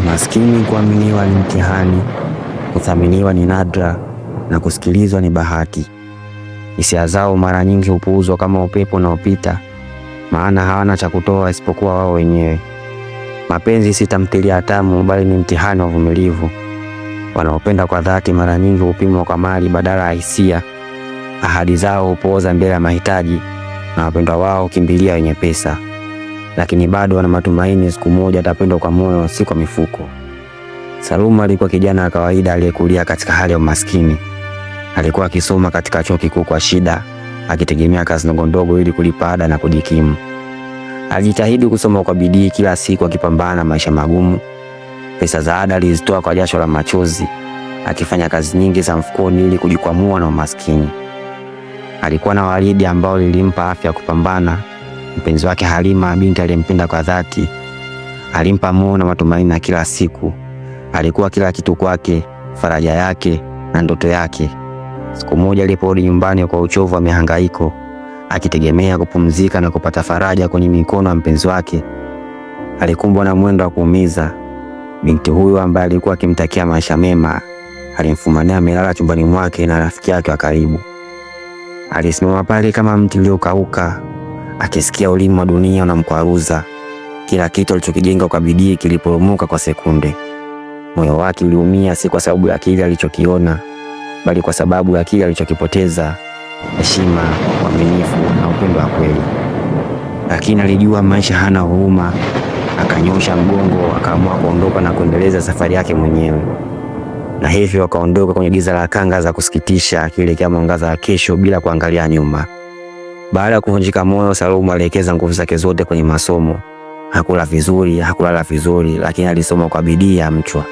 Umaskini, kuaminiwa ni mtihani, kuthaminiwa ni nadra, na kusikilizwa ni bahati. Hisia zao mara nyingi hupuuzwa kama upepo unaopita, maana hawana cha kutoa isipokuwa wao wenyewe. Mapenzi si tamthilia tamu, bali ni mtihani wa uvumilivu. Wanaopenda kwa dhati mara nyingi hupimwa kwa mali badala ya hisia. Ahadi zao hupooza mbele ya mahitaji, na wapendwa wao hukimbilia wenye pesa lakini bado ana matumaini siku moja atapendwa kwa moyo, si kwa mifuko. Saluma alikuwa kijana wa kawaida aliyekulia katika hali ya umaskini. Alikuwa akisoma katika chuo kikuu kwa shida, akitegemea kazi ndogondogo ili kulipa ada na kujikimu. Alijitahidi kusoma kwa bidii kila siku, akipambana na maisha magumu. Pesa za ada alizitoa kwa jasho la machozi, akifanya kazi nyingi za mfukoni ili kujikwamua na umaskini. Alikuwa na walidi ambao lilimpa afya kupambana Mpenzi wake Halima, binti aliyempenda kwa dhati, alimpa moyo na matumaini ya kila siku. Alikuwa kila kitu kwake, faraja yake na ndoto yake. Siku moja aliporudi nyumbani kwa uchovu wa mihangaiko, akitegemea kupumzika na kupata faraja kwenye mikono ya mpenzi wake, alikumbwa na mwendo wa kuumiza. Binti huyo ambaye alikuwa akimtakia maisha mema alimfumania amelala chumbani mwake na rafiki yake wa karibu. Alisimama pale kama mti uliokauka, akisikia ulimi wa dunia unamkwaruza. Kila kitu alichokijenga kwa bidii kiliporomoka kwa sekunde. Moyo wake uliumia, si kwa sababu ya kile alichokiona, bali kwa sababu ya kile alichokipoteza: heshima, uaminifu na upendo wa kweli. Lakini alijua maisha hana huruma. Akanyosha mgongo, akaamua kuondoka na kuendeleza safari yake mwenyewe. Na hivyo akaondoka kwenye giza la kanga za kusikitisha, akielekea mwangaza wa kesho bila kuangalia nyuma. Baada ya kuvunjika moyo, Salum alielekeza nguvu zake zote kwenye masomo. Hakula vizuri, hakulala vizuri, lakini alisoma kwa bidii ya mchwa.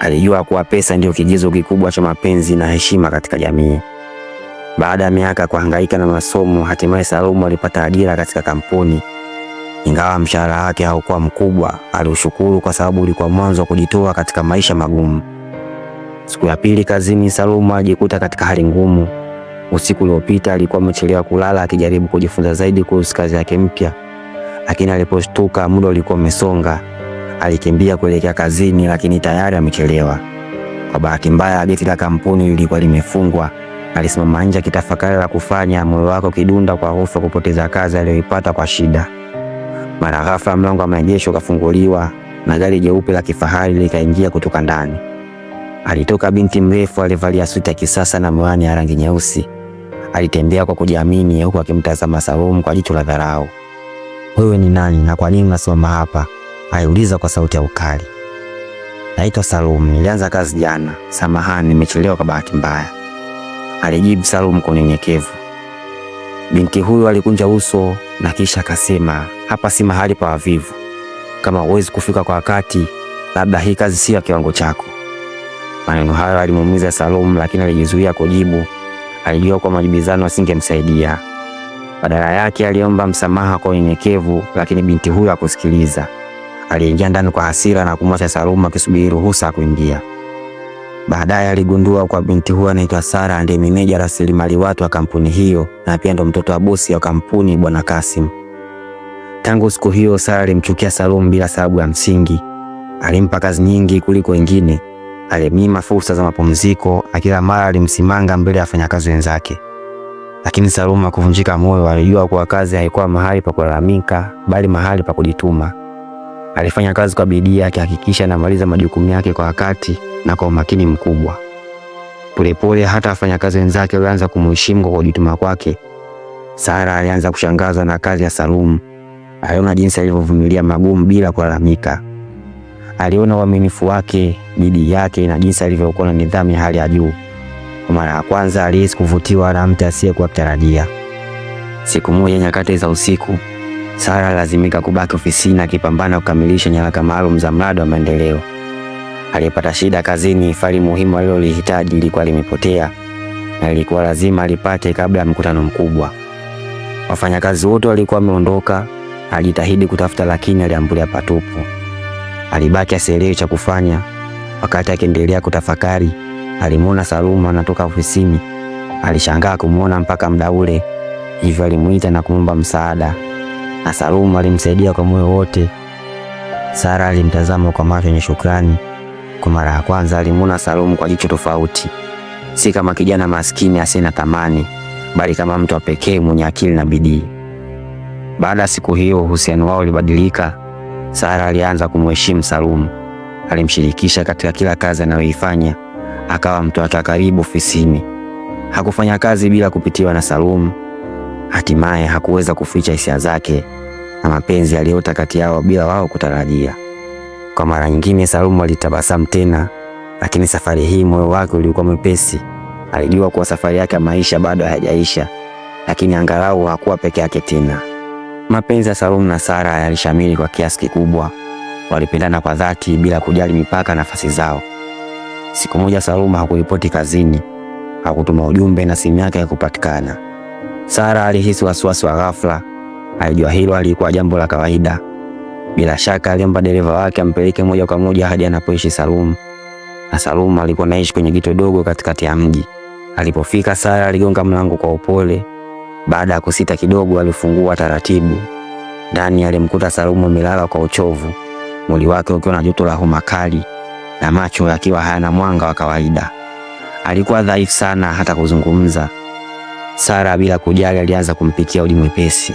Alijua kuwa pesa ndiyo kigezo kikubwa cha mapenzi na heshima katika jamii. Baada ya miaka kuhangaika na masomo, hatimaye Salum alipata ajira katika kampuni. Ingawa mshahara wake haukuwa mkubwa, aliushukuru kwa sababu ulikuwa mwanzo wa kujitoa katika maisha magumu. Siku ya pili kazini, Salum alijikuta katika hali ngumu. Usiku uliopita alikuwa amechelewa kulala akijaribu kujifunza zaidi kuhusu kazi yake mpya, lakini aliposhtuka muda ulikuwa umesonga. Alikimbia kuelekea kazini, lakini tayari amechelewa. Kwa bahati mbaya, geti la kampuni lilikuwa limefungwa. Alisimama nje akitafakari la kufanya, moyo wake ukidunda kwa hofu kupoteza kazi aliyoipata kwa shida. Mara ghafla, mlango wa maegesho ukafunguliwa na gari jeupe la kifahari likaingia kutoka ndani. Alitoka binti mrefu alivalia suti ya kisasa na miwani ya rangi nyeusi. Alitembea kwa kujiamini, huku akimtazama Saumu kwa jicho la dharau. Wewe ni nani na kwa nini unasoma hapa? aliuliza kwa sauti ya ukali. Naitwa Salum, nilianza kazi jana. Samahani, nimechelewa kwa bahati mbaya, alijibu Salum kwa unyenyekevu. Binti huyo alikunja uso na kisha akasema, hapa si mahali pa wavivu. Kama huwezi kufika kwa wakati, labda hii kazi sio ya kiwango chako. Maneno hayo alimuumiza Salum, lakini alijizuia kujibu Alijua kwa majibizano asingemsaidia. Badala yake aliomba msamaha kwa unyenyekevu, lakini binti huyo hakusikiliza. Aliingia ndani kwa hasira na kumwacha Saluma akisubiri ruhusa ya kuingia. Baadaye aligundua kwa binti huyo anaitwa Sara ndiye meneja rasilimali watu wa kampuni hiyo na pia ndo mtoto wa bosi wa kampuni Bwana Kasim. Tangu siku hiyo Sara alimchukia salumu bila sababu ya msingi. Alimpa kazi nyingi kuliko wengine alimnyima fursa za mapumziko na kila mara alimsimanga mbele ya wafanyakazi wenzake. Lakini salumu hakuvunjika moyo. Alijua kuwa kazi haikuwa mahali pa kulalamika, bali mahali pa kujituma. Alifanya kazi kwa bidii, akihakikisha anamaliza majukumu yake kwa wakati na kwa umakini mkubwa. Polepole hata wafanyakazi wenzake walianza kumheshimu kwa kujituma kwake. Sara alianza kushangazwa na kazi ya salumu Aliona jinsi alivyovumilia magumu bila kulalamika. Aliona uaminifu wake, bidii yake na jinsi alivyokuwa na nidhamu ya hali ya juu. Kwa mara ya kwanza alihisi kuvutiwa na mtu asiyekuwa kutarajia. Siku moja, nyakati za usiku, Sara lazimika kubaki ofisini akipambana kukamilisha nyaraka maalum za mradi wa maendeleo. Alipata shida kazini, faili muhimu alilolihitaji lilikuwa limepotea na ilikuwa lazima alipate kabla ya mkutano mkubwa. Wafanyakazi wote walikuwa wameondoka, alijitahidi kutafuta, lakini aliambulia patupu. Alibaki asielewe cha kufanya. Wakati akiendelea kutafakari, alimwona Saluma anatoka ofisini. Alishangaa kumwona mpaka muda ule, hivyo alimuita na kumwomba msaada, na Saluma alimsaidia kwa moyo wote. Sara alimtazama kwa macho yenye shukrani. Kwa mara ya kwanza alimwona Salumu kwa jicho tofauti, si kama kijana maskini asiye na thamani, bali kama mtu wa pekee mwenye akili na bidii. Baada ya siku hiyo, uhusiano wao ulibadilika. Sara alianza kumheshimu Salumu. Alimshirikisha katika kila kazi anayoifanya, akawa mtu wake karibu ofisini. Hakufanya kazi bila kupitiwa na Salumu. Hatimaye hakuweza kuficha hisia zake na mapenzi aliyota kati yao bila wao kutarajia. Kwa mara nyingine, Salumu alitabasamu tena, lakini safari hii moyo wake ulikuwa mwepesi. Alijua kuwa safari yake ya maisha bado hayajaisha, lakini angalau hakuwa peke yake tena. Mapenzi ya Salum na Sara yalishamiri kwa kiasi kikubwa. Walipendana kwa dhati bila kujali mipaka nafasi zao. Siku moja Salum hakuripoti kazini, hakutuma ujumbe na simu yake haikupatikana. Sara alihisi wasiwasi wa ghafla. Alijua hilo alikuwa jambo la kawaida. Bila shaka aliomba dereva wake ampeleke moja kwa moja hadi anapoishi Salum, na Salum alikuwa naishi kwenye gito dogo katikati ya mji. Alipofika, Sara aligonga mlango kwa upole. Baada ya kusita kidogo, alifungua taratibu. Ndani alimkuta Salumu amelala kwa uchovu, mwili wake ukiwa na joto la homa kali na macho yakiwa hayana mwanga wa kawaida. Alikuwa dhaifu sana hata kuzungumza. Sara bila kujali alianza kumpikia uji mwepesi.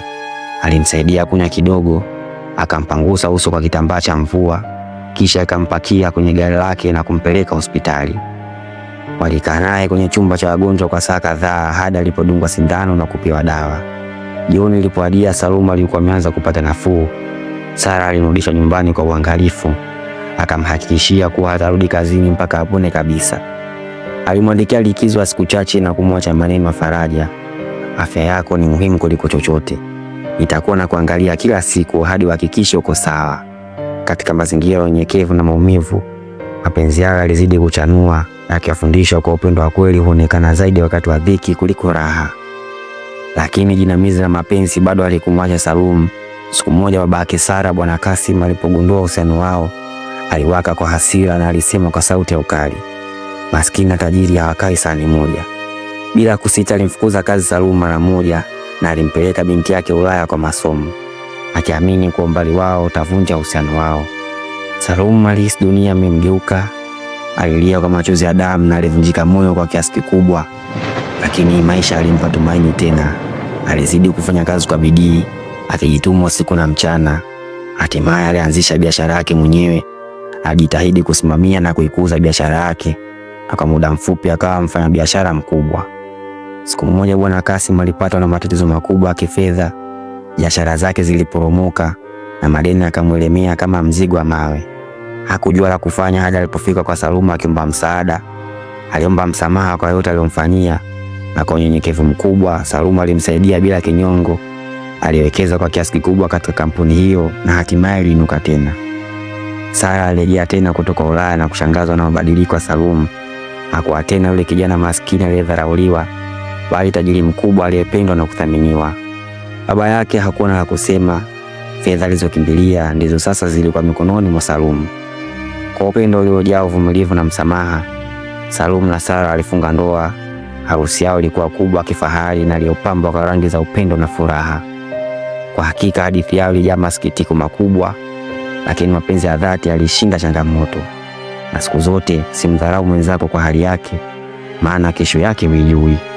Alimsaidia kunywa kidogo, akampangusa uso kwa kitambaa cha mvua, kisha akampakia kwenye gari lake na kumpeleka hospitali. Walikaa naye kwenye chumba cha wagonjwa kwa saa kadhaa hadi alipodungwa sindano na kupewa dawa. Jioni ilipoadia, Saluma alikuwa ameanza kupata nafuu. Sara alimrudisha nyumbani kwa uangalifu, akamhakikishia kuwa atarudi kazini mpaka apone kabisa. Alimwandikia likizo ya siku chache na kumwacha maneno ya faraja: afya yako ni muhimu kuliko chochote, nitakuwa na kuangalia kila siku hadi uhakikishe uko sawa. Katika mazingira ya unyenyekevu na maumivu, mapenzi yao yalizidi kuchanua. Akiwafundisha kwa upendo wa kweli huonekana zaidi wakati wa dhiki kuliko raha. Lakini jinamizi la mapenzi bado alikumwacha Salum. Siku moja yake Sara, Bwana Kasim, alipogundua uhusiano wao aliwaka kwa hasira na alisema kwa sauti ya ukali, maskini na tajiri hawakai sahani moja. Bila kusita, alimfukuza kazi Salum mara moja na alimpeleka binti yake Ulaya kwa masomo, akiamini kwa umbali wao utavunja uhusiano wao. Salum alihisi dunia imemgeuka alilia kwa machozi ya damu na alivunjika moyo kwa kiasi kikubwa, lakini maisha alimpa tumaini tena. Alizidi kufanya kazi kwa bidii, akijitumwa siku na mchana. Hatimaye alianzisha biashara yake mwenyewe, alijitahidi kusimamia na kuikuza biashara yake, na kwa muda mfupi akawa mfanyabiashara mkubwa. Siku moja, bwana Kasim alipatwa na matatizo makubwa ya kifedha. Biashara zake ziliporomoka na madeni yakamwelemea kama mzigo wa mawe. Hakujua la kufanya hadi alipofika kwa Saluma akiomba msaada. Aliomba msamaha kwa yote aliyomfanyia, na kwa unyenyekevu mkubwa Saluma alimsaidia bila kinyongo. Aliwekeza kwa kiasi kikubwa katika kampuni hiyo na hatimaye iliinuka tena. Sara alirejea tena kutoka Ulaya na kushangazwa na mabadiliko ya Salum. Hakuwa tena yule kijana maskini aliyedharauliwa, bali tajiri mkubwa aliyependwa na kuthaminiwa. Baba yake hakuwa na la kusema. Fedha alizokimbilia ndizo sasa zilikuwa mikononi mwa Salum. Kwa upendo uliojaa uvumilivu na msamaha, Salumu na Sara alifunga ndoa. Harusi yao ilikuwa kubwa kifahari na iliyopambwa kwa rangi za upendo na furaha. Kwa hakika hadithi yao ilijaa masikitiko makubwa, lakini mapenzi ya dhati yalishinda changamoto. Na siku zote simdharau mwenzako kwa hali yake, maana kesho yake huijui.